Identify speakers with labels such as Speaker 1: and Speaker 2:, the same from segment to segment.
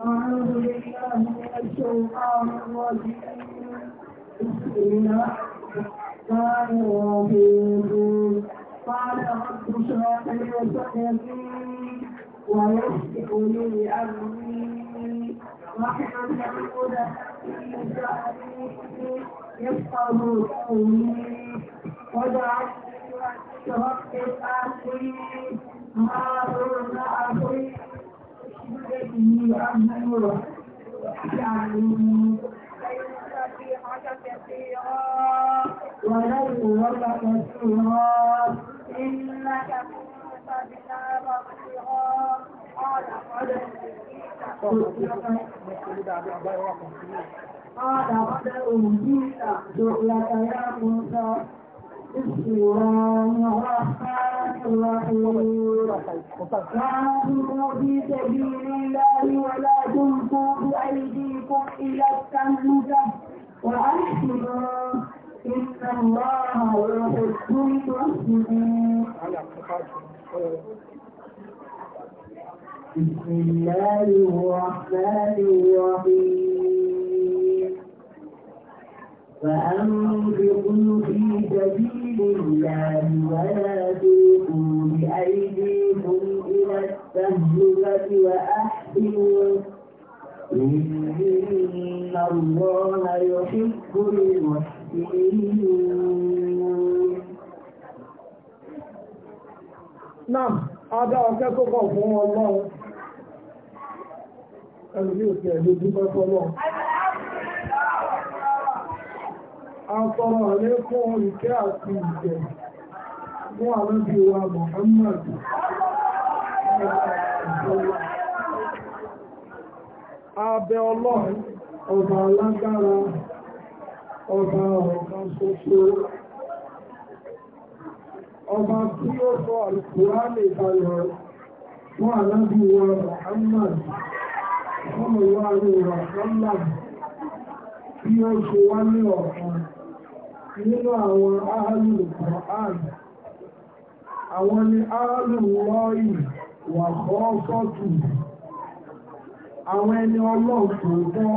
Speaker 1: أعوذ
Speaker 2: بالله من الشيطان الرجيم بسم
Speaker 1: الله الرحمن الرحيم قال رب اشرح لي صدري ويسر لي أمري واحلل عقدة من لساني يفقه قولي واجعل لي رب آخري هارون أخي إني أعمل يعلمون ونذكرك كثيرا إنك كنت بنا بصيرا قال قد قال قد أوتيت سؤلك يا موسى بسم الله الرحمن الرحيم في سبيل الله ولا بأيديكم إلى وأحسنوا إن الله بسم الله الرحمن الرحيم وأنفقوا في سبيل الله ولا تلقوا
Speaker 2: بأيديكم إلى التهلكة وأحسنوا
Speaker 1: إن الله يحب المحسنين
Speaker 2: Náà, adá ọ̀kẹ́ tó kọ̀ fún ọlọ́run. Ẹlùmí òkè ẹ̀lú dúpẹ́ fọ́lọ́run. Àtọrọ rẹ̀ fún olùkẹ́ àti ìjẹ̀ fún àlọ́bí wa Muhammad. Abẹ Ọlọ́run, ọba alágbára, ọba ọ̀kan ṣoṣo. Ọba tí ó sọ Al-Kùránì kalẹ̀ fún àlọ́bí wa nínú àwọn áàlù Quran àwọn ni áàlù lọ́ọ̀yì wà kọ́ọ̀kọ́tù àwọn ẹni ọlọ́ọ̀tún tọ́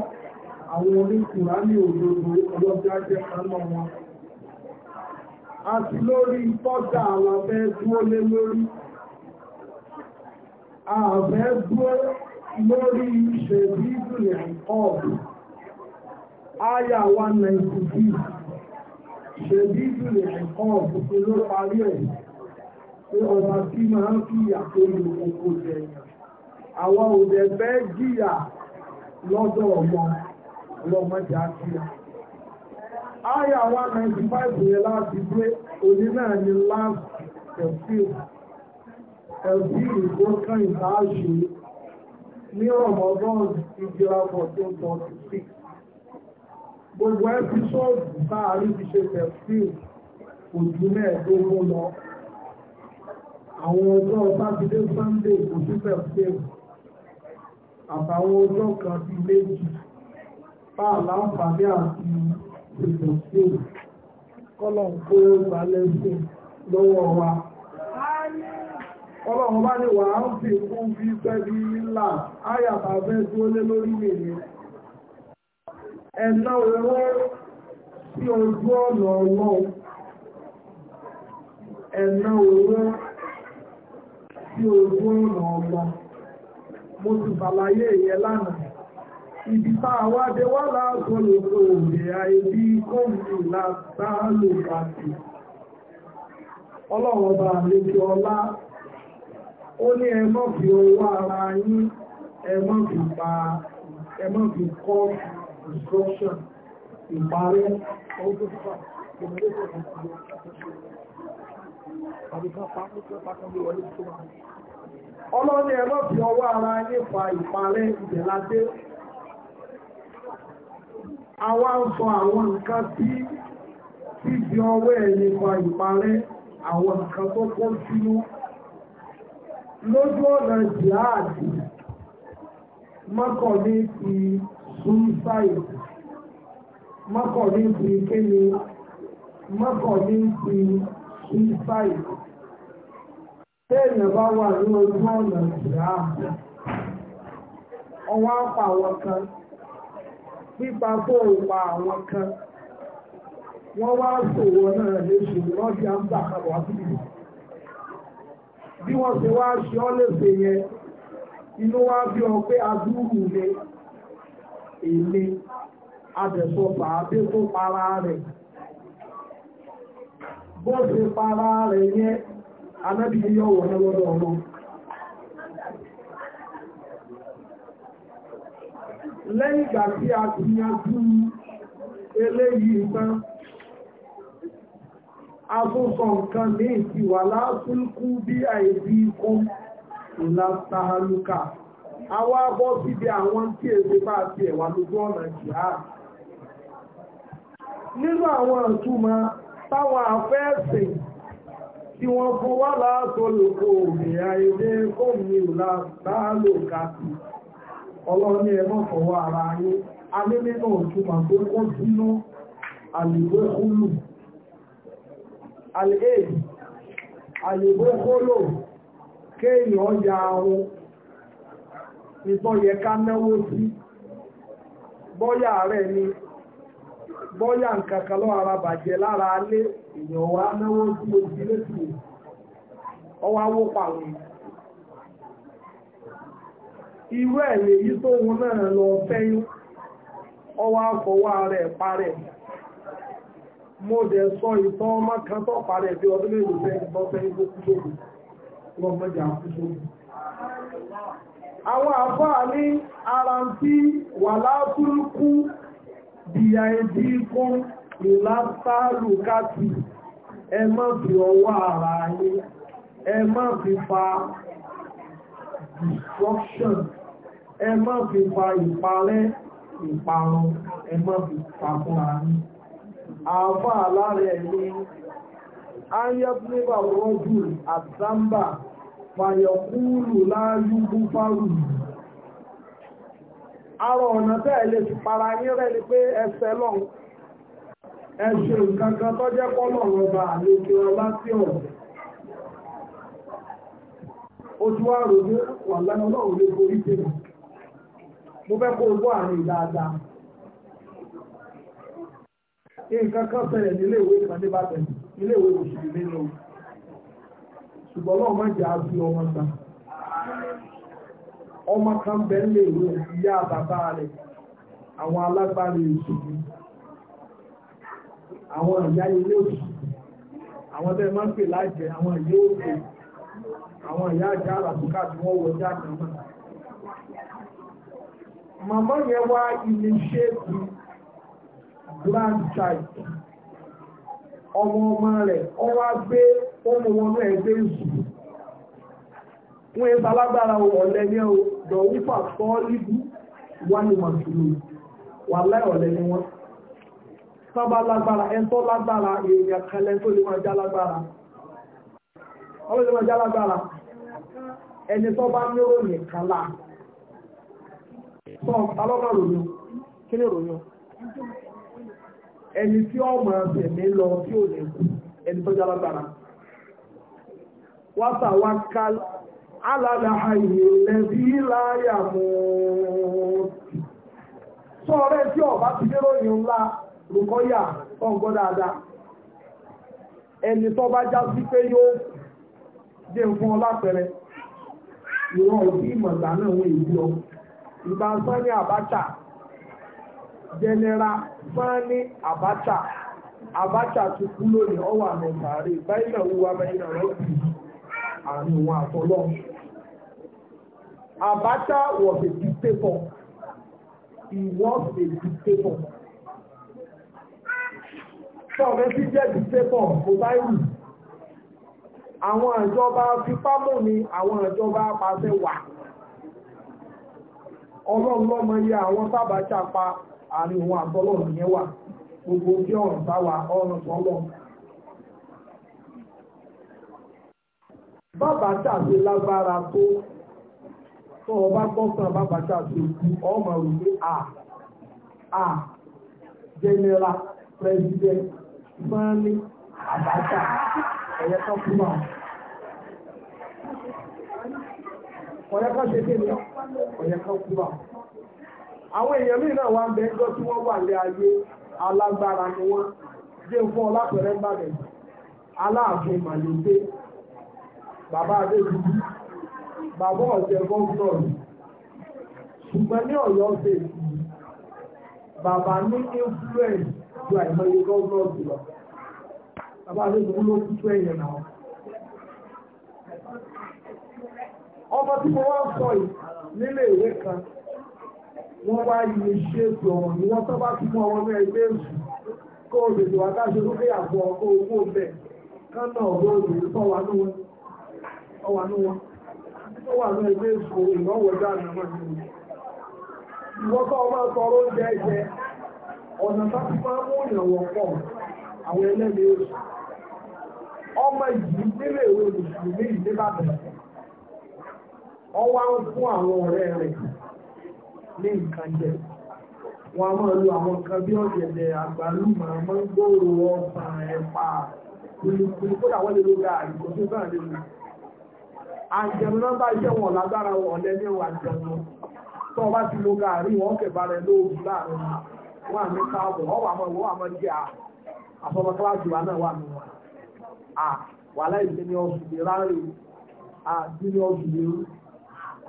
Speaker 2: àwọn oníkùnrà ní òdòdó ọlọ́dá jẹ́ kaná wọn àti lórí pọ́tà àwọn abẹ́ dúó lé lórí àbẹ́ dúó lórí ìṣèlú ìdùnnà ọ̀pọ̀ Aya 196 ṣe bí ìdúlẹ̀ ẹ̀kọ́ òkúté ló parí ẹ̀ pé ọba tí máa ń fi àkóyò oko jẹyàn àwọn òde fẹ́ jìyà lọ́dọ̀ ọmọ ọlọ́mọdé àkíyà àyà 195 yẹn láti gbé òní náà ni last tẹ̀síl tẹ̀síl tó kàn ìta ṣe ní ọmọdún ìjìlá 1446 gbogbo ẹ́písọ́ọ̀dù táàrí fi ṣe pẹ̀fíù kò ju mẹ́ẹ̀ẹ́dógún lọ àwọn ọjọ́ sátidé sunday kò sí pẹ̀fíù àtàwọn ọjọ́ kan bíi méjì bá àlàǹfààní àti pẹ̀fíù kọ́lọ̀ ń kó balẹ̀ sí lọ́wọ́ wa kọ́lọ̀ ń bá ní wàá ń fi kún bí sẹ́bí ńlá áyàtà fẹ́ tí ó lé lórí nìyẹn ẹ̀nà owó sí ojú ọ̀nà owó ẹ̀nà sí ojú ọ̀nà ọmọ mo ti bàlàyé ìyẹn lánàá ibi tá a wá dé wá àìbí kóòmù àlejò ọlá ó ní ara yín pa destruction, ìparí, ojú ìfà, ìmọ̀lẹ́sẹ̀ ìfà, àbíká pàápàá pàápàá bí wọlé tó wà. Ọlọ́ni ẹ̀lọ́ fi ọwọ́ ara yé fa ìparí ìdẹ̀ládé. Àwa ń sọ àwọn nǹkan tí fífi ọwọ́ ẹ̀yẹ fa ìparí àwọn nǹkan tó kọ́ sínú lójú ọ̀nà jihad mọ́kànlé ti suicide mọ́kànlé dị kéde mọ́kànlé ti suicide téèyàn bá wà na ojú ọ̀nà ìyá ọwọ́ apá àwọn kan pípa tó kan wọ́n wá sòwò kan wà bí wọ́n ṣe wá ṣe ọ pé adúrú rẹ̀ èlé adẹ̀sọ bàábí tó para rẹ̀ bó ṣe para rẹ̀ yẹn anábì yíyọ wọ̀ ní lọ́dọ̀ ọmọ lẹ́yìn ìgbà tí a ti yanjú eléyìí tán afúnfọ̀ nǹkan ní ìtìwà lásìkú bí àìsí ikú ìlàtàlùkà àwa bọ́ síbi àwọn tí èdè bá ti ẹ̀wà lójú ọ̀nà jihad nínú àwọn ìtumọ̀ táwọn afẹ́ẹ̀sìn tí wọ́n fún wá láàtọ́ lòkó òmìnira ilé kọ́mí ìlà láàlò kàtì ọlọ́ní ẹ̀mọ́ fọwọ́ ara yín a ní nínú ìtumọ̀ tó kó sínú àlèwé kúlù àlèébì àlèwé kólò kéèyàn ya ahun ní tó yẹ ká náwó sí bọ́yà rẹ̀ ni bọ́yà nǹkankan lọ́ ara bàjẹ́ lára alé èèyàn wá náwó sí ojú lẹ́sì ọwọ́ awó pàwọn irú ẹ̀ lèyí tó wọn náà lọ fẹ́yún ọwọ́ afọwọ́ rẹ̀ parẹ́ mo dẹ̀ sọ ìtọ́ ọmọ kan tó parẹ́ bí ọdún mélòó fẹ́ ìtọ́ fẹ́yún tó kú sóbi lọ́mọdé àkúsóbi àwọn àfáà ní ara tí wà látúrúkú dìyà ìdí kún ìlátàlùkátì ẹ má fi ọwọ́ ara yín ẹ fi fa destruction ẹ má fi fa ìparẹ́ ìparun ẹ má fi fa fúnra yín àfáà lára ẹ̀ ní ayẹ́bùnébà rọ́jù àtàmbà fàyọ̀kúrù láàájú gúfàrù ara ọ̀nà tẹ́ẹ̀ lè fi para ní rẹ̀ ni pé ẹsẹ̀ lọ́n ẹ̀ṣẹ̀ nǹkankan tó jẹ́ pọ́lọ̀ rọ̀bà lókè ọlá sí ọ̀rọ̀ ojú wa rò ní wà lẹ́nu ọlọ́run lè borí tèmi mo fẹ́ kó gbọ́ àrùn dáadáa nǹkan kan ṣẹlẹ̀ nílé ìwé ìwé òṣèlú nínú ṣùgbọ́n náà má jẹ́ àbí ọmọ ta ọmọ kan bẹ́ ń lè ìyá bàbá rẹ̀ àwọn alágbára èṣù àwọn ìyá ilé òṣù àwọn tẹ́ máa ń pè láìjẹ́ àwọn ìyá òkè àwọn ìyá àjá àràbùkà tí wọ́n wọ ọjà màmá yẹn wá ilé ṣéèkì ọmọ ọmọ rẹ̀ ọwá gbé ọmọ wọn ẹgbẹ́ ìsù wọ́n yẹ sálágbára ọ̀lẹ́ ní ọ dọ̀wúfà sọ́ọ́lìbù wà ní màtúlù wà láì ọ̀lẹ́ ní wọn sábà lágbára ẹ̀ńtọ́ lágbára èèyàn kalẹ̀ tó lè máa já lágbára ọlọ́lẹ́ máa já lágbára ẹni tó bá ní òyìn kálá sọ́ọ̀ alọ́mọ ròyìn kí ni ròyìn ẹni tí ó mọ̀ ẹ̀mí lọ tí ò lè kú ẹni tó jẹ́ alágbára wáta wá ká alàlà àyè lẹ́bí láyà mú sọ́ọ̀rẹ́ tí ọba ti dé lóyìn ńlá rùkọ́yà ọgbọ́ dáadáa ẹni tó bá já sí pé yóò jẹ́ fún ọ lápẹẹrẹ ìwọ̀n òbí ìmọ̀gbà náà wọ́n èyí lọ ìgbà sọ́ni àbáta general Sani Abacha Abacha ti kú lónìí ọwọ́ àmì ìtàrí báyìí náà wúwa báyìí náà rẹ̀ bì àrùn òun àtọ́lọ́ Abacha was a dictator he was a dictator sọ̀rọ̀ sí jẹ́ dictator mobile àwọn ìjọba fipámù ni àwọn ìjọba apàṣẹ wà ọlọ́run lọ́mọ iye àwọn sábà ṣàpa àárín òun àtọ́lọ́run yẹn wà gbogbo kí ọ̀rọ̀ bá wa ọ̀rọ̀ tọ́lọ̀. bàbá ṣàṣe lágbára tó tó ọba gbọ́sàn bàbá ṣàṣe ikú ọmọ òwe a a jẹnẹra pẹ̀lúdẹ
Speaker 1: mọ́ni àbáṣà ẹ̀yẹ kan fún wa. ọ̀yẹ́ kan ṣe kéde ọ̀yẹ́ kan fún
Speaker 2: àwọn èèyàn míì náà wá ń bẹ ẹjọ́ tí wọ́n wà lé ayé alágbára ni wọ́n jẹ́ fún ọlápẹ̀rẹ́ gbàgbẹ́ aláàfin màlẹ́gbẹ́ bàbá adébíyí bàbá ọ̀sẹ̀ gọ́ọ̀nà ṣùgbọ́n ní ọ̀yọ́ ṣe bàbá ní influence ju àìmọye gọ́ọ̀nà jùlọ bàbá adébíyí ló kú tó ẹ̀yẹ̀ náà ọmọ tí mo wá sọ yìí nílé ìwé kan wọ́n wá ilé ṣe ètò ọ̀rọ̀ ni wọ́n tọ́ba ti mú ọwọ́ náà ilé èṣù kó o lè wá dáṣe lókè àpò ọkọ̀ owó bẹ̀ kánà ọ̀rọ̀ òbí tó wà ní wọn ó wà ní wọn ó wà ní ilé èṣù ìnáwó dáná náà ní wọn. ìwọ́n tó ọmọ sọ̀rọ̀ oúnjẹ jẹ ọ̀nà tó ti máa mú ìyàwó pọ̀ àwọn ẹlẹ́ni èṣù ọmọ yìí nílé ìwé olùsùn ní ìdíbàbẹ̀ ọwọ́ fún àwọn ọ̀rẹ́ rẹ̀ ní nǹkan jẹ wọ́n a máa lo àwọn nǹkan bí ọ̀gẹ̀dẹ̀ àgbálùmọ̀ máa ń gbòòrò ọba ẹ̀pà kùlùkùlù kódà wọ́n lè lo gààrí kò tó bá lè lò àjẹmú náà bá iṣẹ́ wọn lágbára wọn lẹ́ni ìwà àjẹmú tó bá ti lo wọn lóògùn láàrin wọn àmì káàbọ̀ àfọwọ́ kíláàsì wa náà wà wọn à wàhálà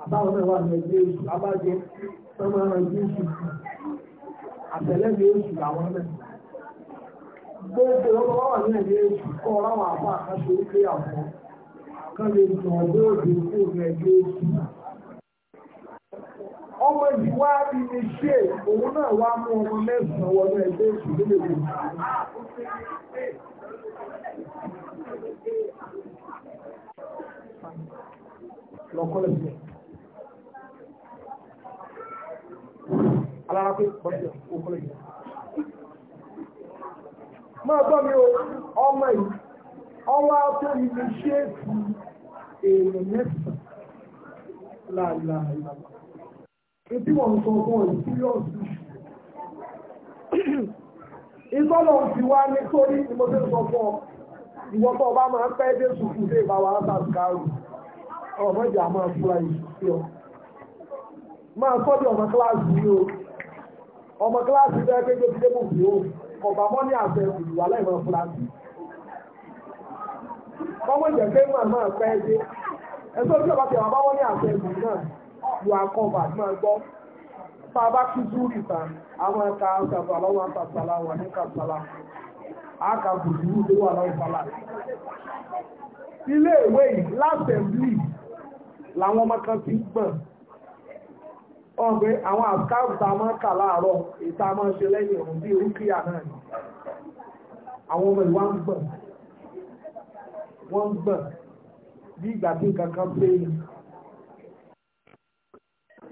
Speaker 2: àbáwọn náà wà ní ẹgbẹ́ oṣù abájẹ sọmọ ẹran ẹgbẹ́ oṣù àtẹlẹ́gbẹ́ oṣù làwọn náà gbogbo ọmọ wà ní ẹgbẹ́ oṣù kọ́ láwọn àbá àkàṣe oké àpọ̀ kan lè dùn ọgbẹ́ òde kó ní ẹgbẹ́ oṣù ọmọ yìí wá rí ní ṣe òun náà wá mú ọmọ mẹ́sàn-án wọnú ẹgbẹ́ oṣù nílé oṣù lọ́kọ́lẹ̀ bẹ̀rẹ̀. alára pé pọ̀jù òkúrò yìí. o, ọmọ yìí, ọwọ́ tó mi ní ṣé ti èèyàn mẹ́sàn-án láàláà ìlànà. Ibi wọ́n sọ fún ọ̀yìn síríọ̀sì ìṣù. Ìtọ́lọ̀ ti wá nítorí ni mo fẹ́ sọ fún ọ. Ìwọ tó ọba máa ń pẹ́ dé sùkú dé ìbá wa láti kárù. Ọmọ ìjà máa fúra ìṣù sí ọ. Máa sọ́dọ̀ ọmọ kíláàsì yìí o ọmọ kíláàsì bẹ́ẹ̀ kéjọ ti débù fi ó ọba mọ́ní àṣẹ ìwà lẹ́ẹ̀mọ́ fúlàsì ọmọ ìjẹ́ pé máa máa pẹ́ dé ẹ̀sọ́ tí ọba ti wà bá wọ́n ní àṣẹ ìlú náà lu àkọ́bà máa gbọ́ tá a bá kú zúrì ta àwọn ẹ̀ka àṣàbàlá wọn àṣàbàlá wọn ní kàṣàlá àkà bùdúrú tó wà lọ́wọ́ fàlà
Speaker 1: ilé ìwé yìí lásẹ̀mblì
Speaker 2: làwọn ọmọ kan ti gbọ̀n ọ̀gbẹ́ àwọn àkáàbù tá a máa kà láàárọ̀ èyí a máa ṣe lẹ́yìn ọ̀run bí orúkìyà náà ni àwọn ọmọ ìwà ń gbọ̀n wọ́n ń gbọ̀n bí ìgbà tí nǹkan kan pé ni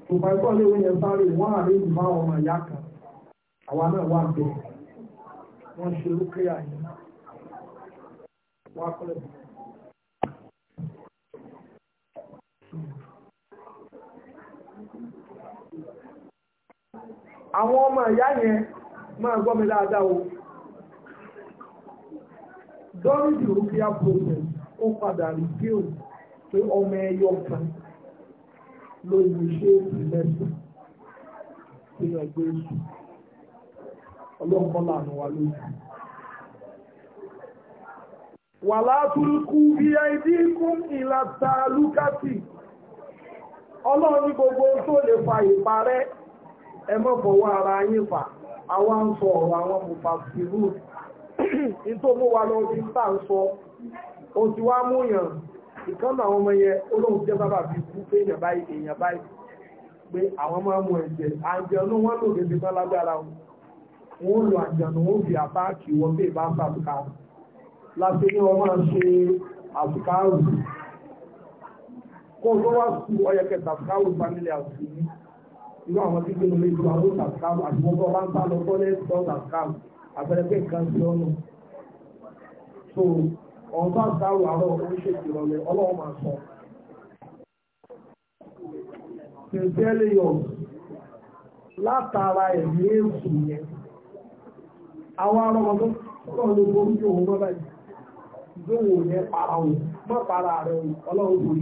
Speaker 2: tòmọ̀ ẹ̀kọ́ léwu yẹn sáré wọ́n àlẹ́ ìlú máa ọmọ ìyá kan àwa náà wà bẹ́ẹ̀ wọ́n ṣe orúkìyà yìí wọ́n á kọ́lẹ̀ bọ̀. àwọn ọmọ ìyá yẹn máa gbọ́ mi dáadáa o during the rukia process ó padà reveal pé ọmọ ẹyọ kan ló ń ṣe ìrẹsì pé ọgbẹ́ èṣù ọlọ́kọ́lá àánú wa lójú. wà látúrúkú bí ẹdí kún ìlàta lúkàtì ọlọ́run gbogbo tó lè fa ìparẹ́ ẹ ara yín fà àwa ń sọ ọ̀rọ̀ àwọn mùfàsírù nítorí mo wà lọ sí tá ń sọ o ti wá mú yàn ìkànnì àwọn ọmọ yẹn olóhùn jẹ́ bàbá fi kú pé èèyàn báyìí èèyàn báyìí pé àwọn máa mú ẹ̀jẹ̀ wọn lò lágbára wọn lò wọn fi irú àwọn tí gbé lórí ìlú àwọn tàbíkàmù àti gbogbo ọba ń bá lọ tọ́lẹ̀ tọ́ tàbíkàmù àbẹ̀rẹ̀ pé sí so ọ̀n bá dárò àárọ̀ oníṣègùn ìrọ̀lẹ́ ọlọ́run máa sọ. sincerely yours látara ẹ̀mí èsù yẹn àwọn òun báyìí ìdóhùn yẹn para òun mọ́ para rẹ̀ ọlọ́run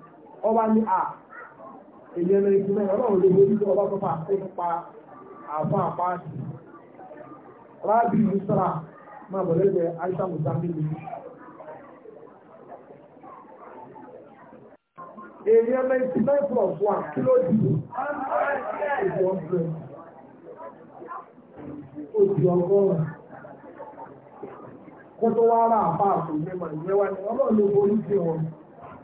Speaker 2: ọba ní à èyí ẹ̀rọ ọlọ́run lè borí tí ọba tó fà ṣe pa àfọ́ àpáàtì rábì máa bọ̀ lẹ́gbẹ̀ẹ́ aisha èyí ẹ̀rọ ìlú plus one kí ló dìbò èyí ọgọ́rùn-ún kó tó wá rà ìyẹn wà ní ọlọ́run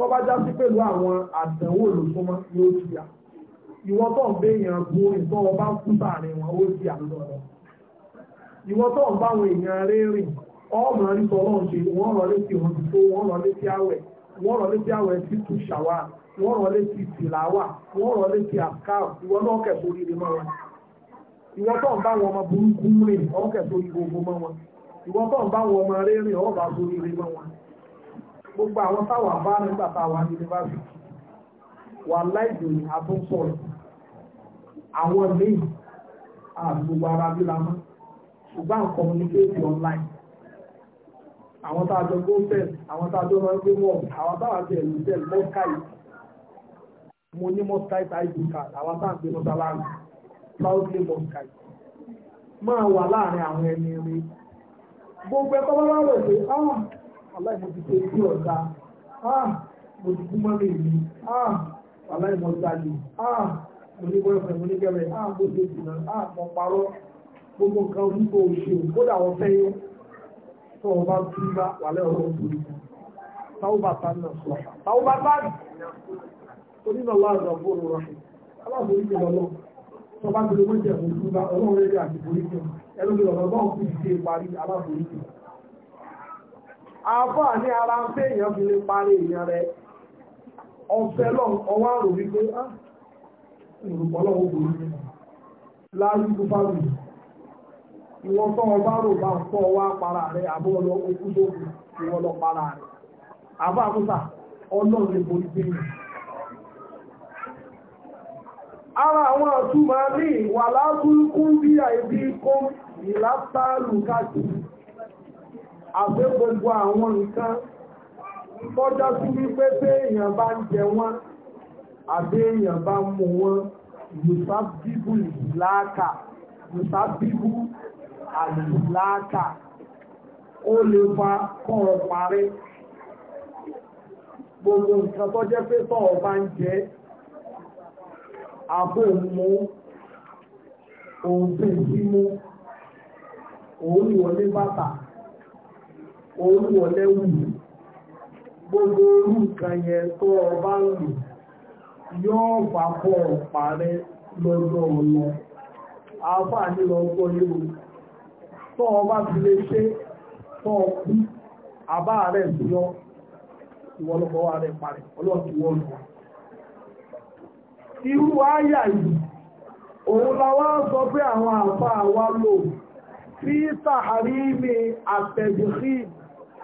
Speaker 2: tó bá já sí pẹ̀lú àwọn àdánwò olùsúnmọ́ yóò ti yà ìwọ tó ń béèyàn bo ìtọ́ ọba ń kú sáàrin wọn ó ti àlọ́ rẹ̀ ìwọ tó ń báwọn èèyàn rérìn ọmọ rí tọ́lọ́ ṣe wọ́n rọ létí wọn tó wọ́n rọ létí àwẹ̀ wọ́n rọ létí àwẹ̀ sí tùṣàwà wọ́n rọ létí tìlàwà wọ́n rọ létí àká ìwọ náà kẹ̀kọ́ rí ni mọ́ wọn ìwọ tó ń bá wọn ọmọ burúkú rìn ọkẹ̀ tó mọ́ wọn ìwọ ń bá ọmọ rérìn ọba tó mọ́ wọn gbogbo àwọn táwà bá nígbà táwà ní yunifásitì wà láìdòyìn àtúnṣọ̀rọ̀ àwọn míì àgbogbo ara bí lamọ́ ṣùgbọ́n communicate online àwọn tá a jọ go fẹ́ àwọn tá a jọ máa ń gbé wọ̀ àwọn táwà ti ẹ̀rù tẹ̀ mọ́skáì mo ní mọ́skáì id card àwọn tá à ń gbé mọ́sálárì proudly mọ́skáì máa wà láàrin àwọn ẹni rí gbogbo ẹ̀kọ́ bá wà lọ aláìmọ̀tìtò ojú ọ̀dà mo ti kú mọ́lẹ̀ mi aláìmọ̀tàlì mo ní bọ́ẹ̀fẹ̀ mo ní gẹ̀rẹ̀ ah, mo ti dùnà ah, mo parọ́ gbogbo nǹkan orúkọ òṣè kódà wọ́n fẹ́ yẹ tó o bá tún bá wàlẹ́ ọ̀rọ̀ òṣèlú táwọn bá tán náà sọ táwọn bá tán onínà láàrín àbúrò rà aláàbò orí ìjọba lọ tó bá ti lè mọ́jẹ̀ bá ọlọ́run rẹ̀ àti orí ìjọba ẹlòmíràn ọlọ́run kù sí parí aláàbò orí ìjọba àbá ní ara ń pé èèyàn fi lè parí èèyàn rẹ̀ ọ̀fẹ́ lọ́n ọwọ́ àrò wípé ah, ìrùpọ̀lọ́ ogun láàrúgbó fáwọn ìwọ̀n tó ọba rò bá ń pọ̀ wá para rẹ̀ àbúrọ̀lọ́ okú lókun ìwọ̀n lọ para rẹ̀ àbá àkúta ọlọ́run lè borí pé ara àwọn àtúmọ̀ ní wà látúkú bí àìbí kó ìlátàlù káàkiri àbẹ́ gbogbo àwọn nǹkan tọ́já sí wípé pé èèyàn bá ń jẹ wọ́n àbẹ́ èèyàn bá ń mú wọn yusabibu láàkà yusabibu àlùláàkà ó lè fa kọ́rọ̀ parí gbogbo nǹkan tó jẹ́ pé tọ́ọ̀ bá ń jẹ́ àbò mú òun pè sí mú òun ìwọlé bàtà olúwọlé wù gbogbo orú kan yẹn tó ọba ń lò yóò fà parẹ́ lọ́dọ̀ ọ̀nà àáfàá ní lọ́gbọ́ yóò tó ọba ti lè ṣe tó ọkú àbá rẹ̀ sí ọ ìwọlọ́gbọ́ wa rẹ̀ parẹ́ irú àyà yìí òun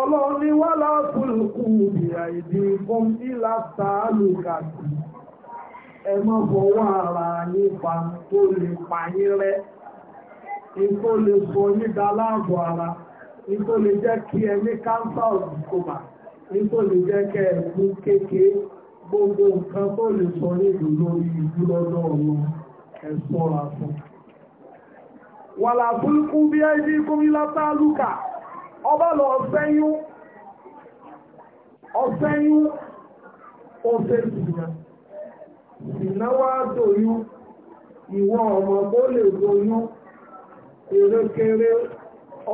Speaker 2: ọlọ́run ní wá látúlùkù ìrìnà ìdí fún ìlà sàálù kàtì ẹ má fọwọ́ ara yín pa tó lè pa yín rẹ́ ètò lè sọ yín da láàbọ̀ ara ètò lè jẹ́ kí ẹ ní káńsà òdìkòmà ètò lè jẹ́ kẹ́ ẹ fún kékeré gbogbo nǹkan tó lè sọ yín lórí ìlú lọ́dọ̀ ọ̀run ẹ sọ́ra fún. wàlà bí ẹ ní gómìnà tá a lùkà. ọba lọ ọ̀sẹ́yún ọ̀sẹ́yún ọ̀sẹ̀ ìsìnà ìsìnà wá tóyún ìwọ ọmọ tó lè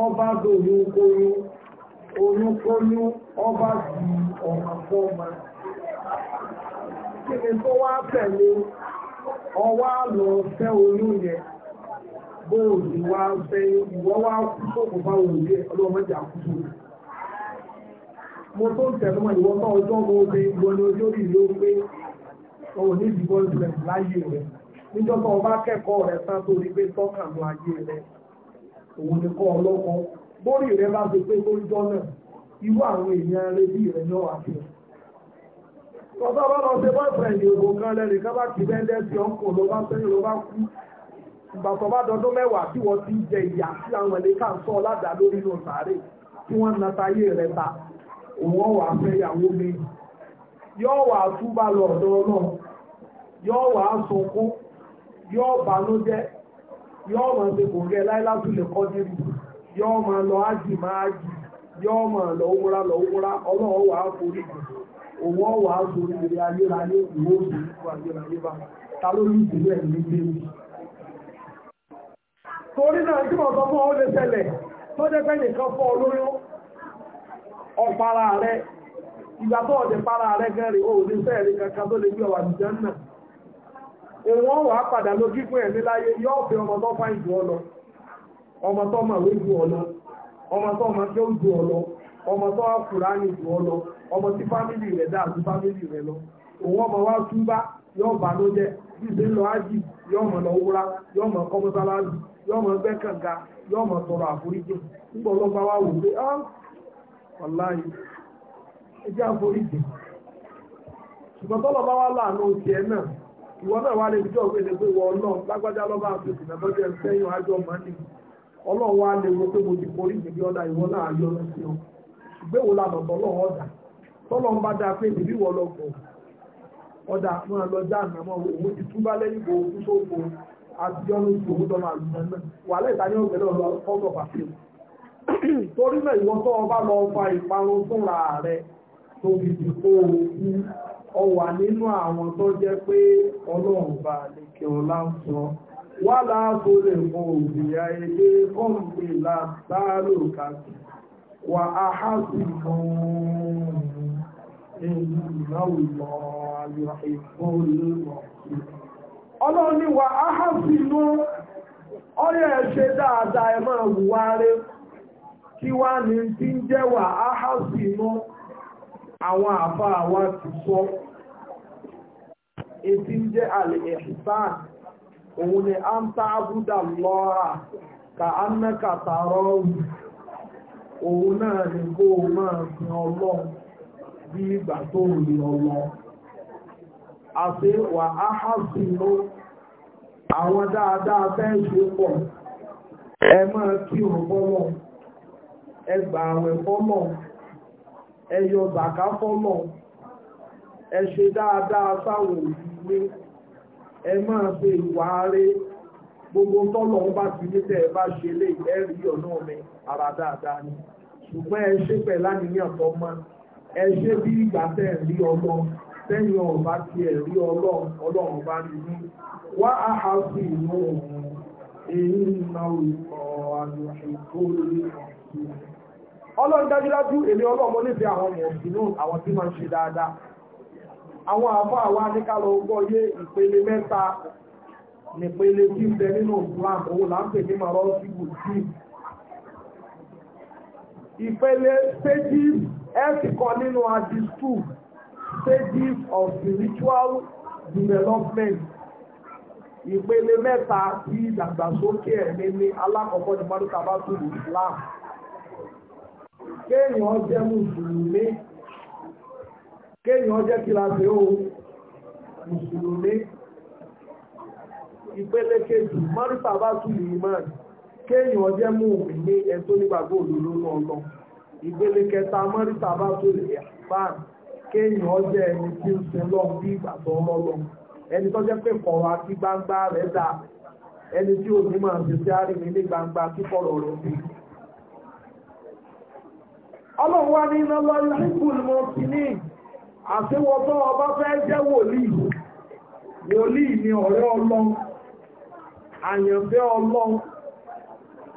Speaker 2: ọba tóyún kóyún oyún kóyún ọba sí ọ̀nà fọ́ọ̀mà kí ni tó wá tẹ̀lé ọwá lọ bóòlù wá fẹ́ ìwọ́ wá kú sókò bá òòlù ọlọ́mọdé àkúsù mo tó ń tẹ̀lọ́mọ ìwọ́ náà ọjọ́ mo gbé ìwọ́ ni ojú orí ló gbé ọ̀hún ní ìdìbò ìrẹ̀ láyé rẹ̀ níjọba ọba kẹ́kọ̀ọ́ rẹ̀ sá tó rí pé tọ́kà lọ ayé rẹ̀ òun ni kọ́ ọlọ́kọ́ bórí rẹ̀ bá ti pé tó ń jọ́ náà irú àwọn èèyàn rẹ̀ bí rẹ̀ náà wà fún ọba bá lọ sí boyfriend ògùn kan lẹ́rìí ká bá ti bẹ́ńdẹ́ sí ọkùnrin ló bá sẹ́yìn ló bá kú ìgbà tó mẹ́wàá tí wọ́n ti jẹ ìyà sí àwọn ẹ̀lẹ́kà sọ lórí inú sàárè tí wọ́n na tayé rẹ̀ ta òun wà fẹ́yàwó méjì wà túbà lọ ọ̀dọ̀ náà wà sunkún yóò bànújẹ́ ṣe kò gẹ láíláṣù lè kọ́ lọ ájì máa jì lọ wúra lọ wúra wà á forí òun ìwé òṣèlú bá ta ló ní ìdílé ẹ̀ ní
Speaker 1: torí náà tí wọ́n sọ fún ó lè ṣẹlẹ̀
Speaker 2: tó jẹ́ pé nìkan fọ́ olóyún ọ̀para rẹ̀ ọ̀dẹ̀ para rẹ̀ gẹ́rì ó lè sẹ́ẹ̀rí kankan tó lè gbé ọwà nìjẹ́ náà òun padà ló gígùn ẹ̀mí láyé yóò fi ọmọ tó fáìn ọmọ tó wé ọmọ tó ọmọ tó wà ọmọ tí fámìlì fámìlì lọ òun ọmọ yóò mọ̀ ẹgbẹ́ kànga yóò tọrọ àforíjì nígbà ọlọ́gbà wà wò pé ọ́n ah, ọ̀láyé ẹjẹ́ àforíjì ṣùgbọ́n tọ́lọ̀ wà láàánú oṣù ẹ̀ náà ìwọ náà wà lè jọ pé wọ ọlọ́ lágbájá àfẹ́sì náà bọ́jẹ́ àjọ mọ́ni ọlọ́run wà lè pé mo ti forí ọ̀dà ìwọ náà yọ lọ ọ abíọ́lù gbogbo tọ́lá àlùmọ́nà wà lẹ́ta ní ọ̀gbẹ́lẹ̀ ọ̀lọ́ pàṣẹ. torí náà ìwọ tó ọba lọ fa ìparun fúnra rẹ tó fi dìpọ̀ òkú ọwà nínú àwọn tó jẹ́ pé ọlọ́run bá lèkè ọlá ń sọ wà láàbò lè mọ òbíyá ilé kọ́ǹpé látàlù kàkì wà áhásì kan ìlú náà lọ àyọ̀ ìfọ́lùmọ̀ ìlú. ọlọ́run ní wa ọyọ̀ ẹ̀ṣẹ̀ dáadáa ẹ máa kí wá ní tí ń jẹ́ àwọn ti sọ ètí ń jẹ́ ẹ̀sán òun ka a mẹ́ka tààrọ òun náà ni kó o máa sin ọlọ́run bí àti wà áhásìnú àwọn dáadáa fẹ́ ṣe pọ̀ ẹ máa kí òun bọ́lọ̀ ẹ gbà àwẹ̀ fọ́lọ̀ ẹ yọ bàká fọ́lọ̀ ẹ ṣe dáadáa sáwọn òbí ẹ máa ṣe ìwà rẹ gbogbo tọ́lọ̀ ń bá ti ní tẹ́ ẹ bá ṣe lè ẹ̀rí ọ̀nà mi ara dáadáa ni ṣùgbọ́n ẹ ṣe pẹ̀ láníyàn tó mọ́ ẹ ṣe bí ìgbà tẹ́ rí ọmọ sẹ́yìn ọba ti ẹ̀rí ọlọ́run bá rí ní wá àhásì inú òun èyí nà olùkọ́ àlùfẹ́ tó lórí ọ̀sìn. ọlọ́run dájúdájú èmi ọlọ́run mo nífẹ̀ẹ́ àwọn náà àwọn tí máa ń ṣe dáadáa. àwọn àbọ̀ àwa ní ká lọ gbọ́ yé ìpele mẹ́ta nípele tí ń bẹ nínú owó ní màrọ́ sí ìpele stages of spiritual development ìpele mẹ́ta tí ìdàgbàsókè ẹ̀mí ní alákọ̀ọ́kọ́ ní mọ́dúkà bá tún Islam kéèyàn jẹ́ mùsùlùmí kéèyàn jẹ́ kí la ṣe ó mùsùlùmí ìpele kejì mọ́dúkà bá tún ìmọ̀ kéèyàn jẹ́ mùmí ní ẹ̀tọ́ nígbàgbọ́ òdodo náà lọ ìpele kẹta mọ́dúkà bá tún ìyàpáàdì kéèyàn ọjọ́ ẹni tí ó sin lọ́n bí ẹni tó jẹ́ pé gbangba rẹ̀ dà ẹni tí ò ní máa ní gbangba kíkọ̀rọ̀ rẹ̀ bí. ọlọ́run wá ní iná lọ ìlú ìmọ̀ sí ní ọba fẹ́ jẹ́ ni ọ̀rẹ́ àyànfẹ́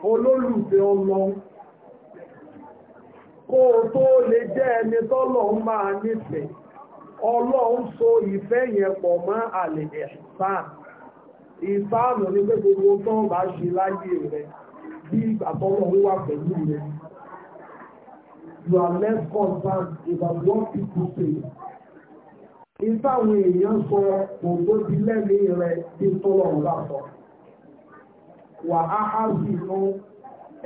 Speaker 2: olólùfẹ́ kó o tó lè jẹ́ ẹni tọ́lọ́run máa nífẹ̀ẹ́ ọlọ́run so ìfẹ́ yẹn pọ̀ mọ́ àlè ẹ̀sán ìsáàmù ní pé gbogbo tán bá ṣe láyé rẹ̀ bí àtọ́lọ́ wíwà pẹ̀lú rẹ̀ you are less concerned about what people say ìsáàmù èèyàn sọ òótọ́ di lẹ́mí rẹ̀ bí tọ́lọ̀ wà sọ wà sí inú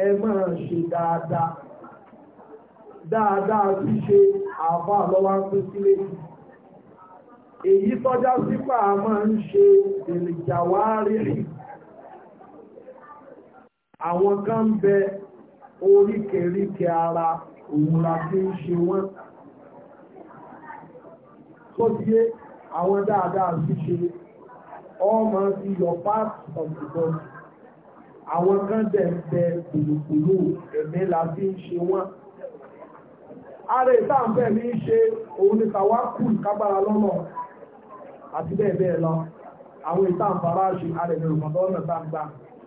Speaker 2: ẹ máa ṣe dáadáa dáadáa tí ṣe àbá lọ́wọ́ pín sílé èyí tọ́já sípà máa ń ṣe ìrìjàwárí àwọn kan ń bẹ oríkèríkè ara òun la fi ń ṣe wọ́n tó díé àwọn dáadáa sí ṣe ọmọ sí your part of the body àwọn kan dẹ̀ ń bẹ kùlùkùlù ẹ̀mí la fi ń ṣe wọ́n. ara ìtàǹfẹ́ ní í ṣe òun ní kàwá kù kágbára lọ́nà àti bẹ́ẹ̀ bẹ́ẹ̀ lọ àwọn ìtàǹfàrà ṣe ara ìní rọmọdọ́ náà tàǹgbà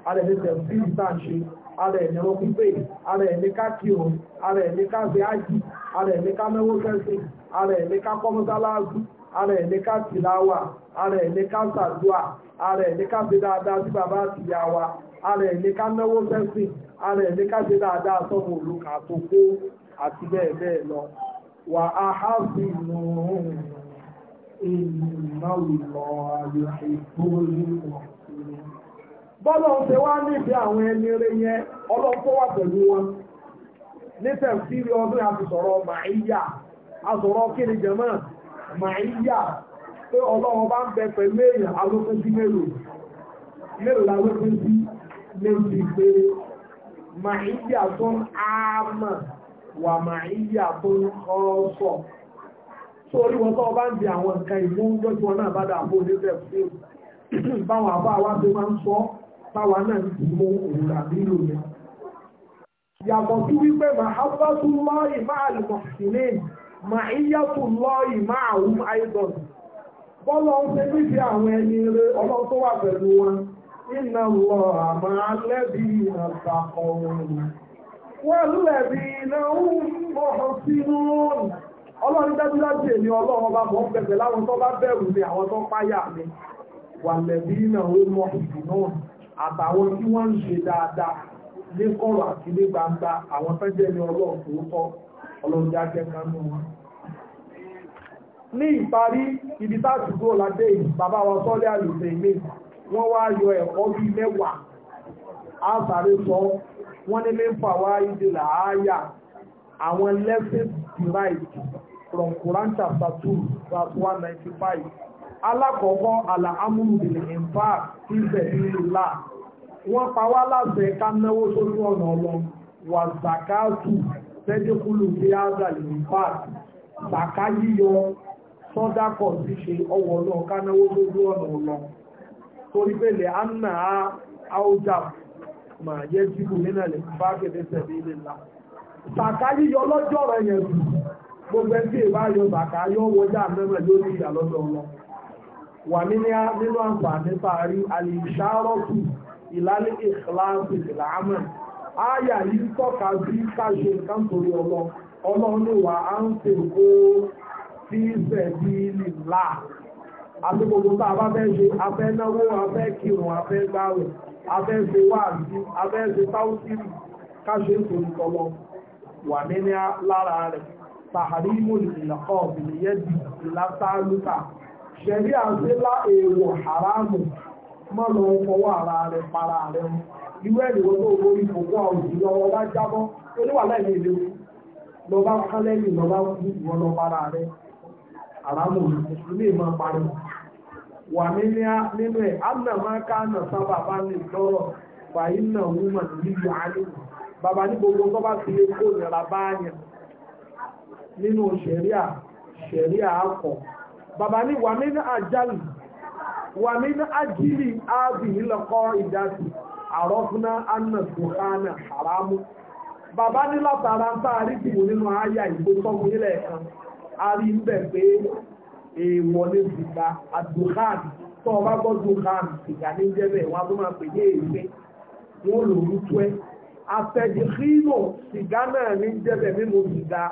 Speaker 2: ara ìní tẹ̀sí ìtàǹṣe ara ìní ọmọ pípé ara ìní kákìó ara ìní káfí ájì ara ìní kámẹ́wó kẹ́sì ara ìní kákọ́mọ́sálásù ara ìní kásìláwà ara ìní kásàdúà ara ìní káfí dáadáa sí bàbá wa ara kẹ́sì ara dáadáa àti bẹ́ẹ̀ bẹ́ẹ̀ lọ wà á há sí inú ìnáwó lọ ìgbóni wá àwọn ẹni yẹn ọlọ́pọ̀ wà pẹ̀lú wọn nífẹ̀ẹ́ sí ọdún àti sọ̀rọ̀ màáyà asọ̀rọ̀ kíni jẹ̀mọ́ màáyà pé ọlọ́run bá ń bẹ pẹ̀lú èèyàn sí mélòó mélòó sí pé màáyà wà máa yíyà tó ń kọ́ sọ tó wọn tó bá ń di àwọn nǹkan ìmú jọjú wọn náà bó ní báwọn àbá wa tó máa ń sọ báwa náà mú nílò yàtọ̀ sí wípé mahabbatu lọ́ọ̀ì máa lè mọ̀ sílé máa yíyàtọ̀ lọ́ọ̀ì máa wù áìdọ̀n bọ́lọ̀ ń ṣe níbi àwọn ẹni rẹ ọlọ́run tó wà pẹ̀lú wọn iná lọ àmà والذين هم محسنون ọlọ́run dájúdájú èmi ọlọ́run ọba mọ̀ ń bẹ̀bẹ̀ láwọn tó bá bẹ̀rù ni àwọn tó páyà mi wà lẹ̀bí náà ó mọ̀ ìdùnnú àtàwọn tí wọ́n ń ṣe dáadáa ní kọ̀rọ̀ àti ní gbangba àwọn tó jẹ́ ní ọlọ́run tòótọ́ ọlọ́run já kẹ́kọ̀ọ́ nù wọn. ní ìparí ibi tá a ti dúró ládé bàbá wa sọ́lé àlùfẹ́ mi wọ́n wá yọ ẹ̀kọ́ bíi mẹ́wàá àsàrí sọ wọ́n ní mẹ́fà wá ìdílà àáyà àwọn lessons derived from Quran chapter two verse one ninety five alákọ̀ọ́kọ́ àlàámúlùdìlì ìfà ìbẹ̀ nílùlá wọ́n pa wá láṣẹ ká náwó sójú ọ̀nà ọlọ́run wà zakatu tẹ́jẹ́kúlù bí ádàlì ìfà zaka yíyọ sọ́dákọ̀ ti ṣe ọwọ́ náà ká náwó sójú ọ̀nà ọlọ́run torí pé lè anna áújà mà yẹ jíbù nínú ẹ̀lẹ́ bá gẹ̀dẹ̀ sẹ̀lẹ̀ ilé ńlá bàkà yíyọ lọ́jọ́ rẹ̀ yẹn dù gbogbo ẹbí ìbá yọ bàkà yọ wọjá mẹ́mẹ́ lórí ìyàlọ́dọ̀ wọn wà nínú nínú àǹfààní parí alìṣàrọ́tù ìlàlẹ́ ìkìláàsì ìlàámẹ̀ áyà yìí tọ́ka sí káṣe nǹkan torí ọlọ́ ọlọ́run wà á ń pè kó sí sẹ̀bí lílà àti gbogbo tá a bá fẹ́ ṣe afẹ́ náwó afẹ́ kírun afẹ́ gbáwẹ̀ abẹ́ẹ̀ṣe wáàzí abẹ́ẹ̀ṣe táwùsírì káṣe ìtòrí tọ́lọ wà nínú lára rẹ̀ tàhàrí ìmòlìlẹ̀kọ́ ọ̀bìnìyẹ́dì ìlátàlúkà ṣẹ̀rí àṣílá èèwọ̀ haramu mọ́lọ fọwọ́ ara rẹ̀ para rẹ̀ irú ẹ̀rìwọ́ tó borí fòkó lọ́wọ́ bá jábọ́ oníwà para rẹ̀ haramu mùsùlùmí máa wà nínú ẹ̀ alàmáká náà sábà bá lè lọ́rọ̀ fàyín náà wúmọ̀ níbi àárín bàbá ní gbogbo tó bá ti lè kó ìrẹ̀lá báyẹn nínú ṣẹ̀ríà ṣẹ̀ríà akọ̀ bàbá ní wà nínú àjálù wà nínú ajílì ábì nílọ́kọ́ ìdásí àrọ́fúnná haramu bàbá ní látara ń sáà rí dìbò nínú èèwọ̀ lè sìgá àdùkáàdì tó ọba gbọ́dọ̀ káàdì sìgá ní jẹ́bẹ̀ wọn tó máa pè ní èèwé wọn lò ó tú ẹ. àfẹ̀dìkínù sìgá náà ní jẹ́bẹ̀ mímu sìgá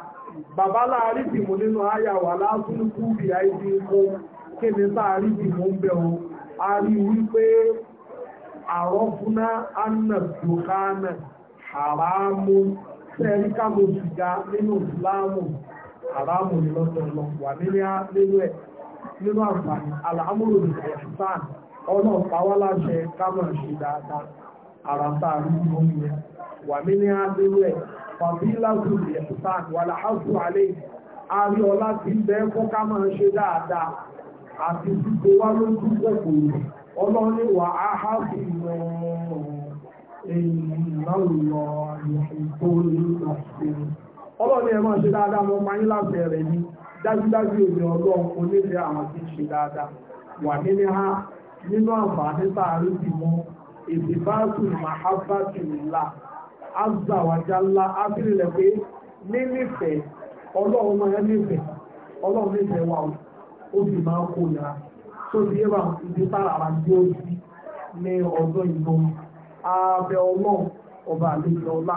Speaker 2: bàbá láàárín ìdìmú nínú àyà wà lásán kú àìsí kó kí ni sáàárín ìdìmú ń bẹ̀ wọn a rí wípé àrọ́fúná ànàdùkáànà haramu sẹ́ríkàmù sìgá nínú ìsìláàmù àràmù ní lọ́dọ̀ wà nínú ẹ̀ nínú àǹfààní àlàámúrò ní ẹ̀sán ọ̀nà pàwọ́ kámọ̀ ṣe dáadáa àràtà àrùn omi wà nínú ẹ̀ ní ẹ̀sán wà alẹ́ ọlá ti bẹ́ fún kámọ̀ ṣe dáadáa àti wá lójú wà áhásù ìrọ̀rùn náà ọlọ́ni ẹ máa ṣe dáadáa mọ́ máa ń láti rẹ̀ ní dájúdájú èmi ọlọ́run onífẹ́ àwọn tí ń ṣe dáadáa wà nínú ha nínú àǹfààní sáàrí ti mọ́ èdè báàtù mahabati ńlá azawajalla abílẹ̀ pé ní nífẹ̀ẹ́ ọlọ́run máa nífẹ̀ẹ́ ọlọ́run nífẹ̀ẹ́ wà ó sì máa kó nira tó ti yẹ́wà ìdí sára ara tí ó ní ọjọ́ ìlú abẹ ọlọ́run ọba àlejò ọlá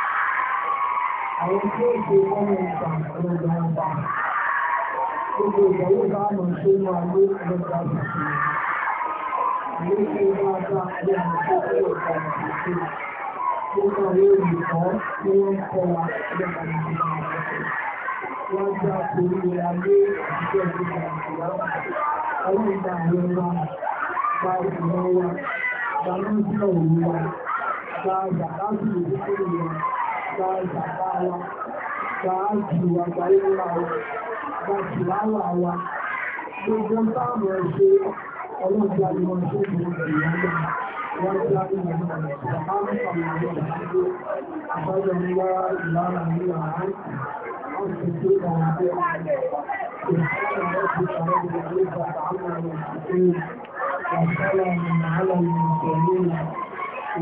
Speaker 1: àwọn tí ó ṣe ọmọ ìgbà ọlọ́gbà ọgbà gbogbo ìgbàwó bá mọ̀ tó máa ló ọlọ́gbà ìgbà gbogbo àwọn
Speaker 2: gba ìgbàgbà wa gba àjù wa gba ìlà wa gba ìlàlà
Speaker 1: wa gbogbo táàmù ẹ̀ṣẹ́ ọlọ́jà ni wọ́n ṣe ìlú ìrìnàjò wọ́n ti láti nàìjíríà bàbá ń pàmò àwọn ìṣẹ́jú àbájọ ńlá ìlànà nílà àìsí ọ̀sẹ̀ tó dára bẹ́ẹ̀ سبحان ربك رب العزة عما يصفون
Speaker 2: وسلام على المرسلين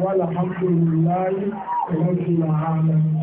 Speaker 2: wàlàhàmdùlùláì ẹ̀rọ̀dùlàhàmù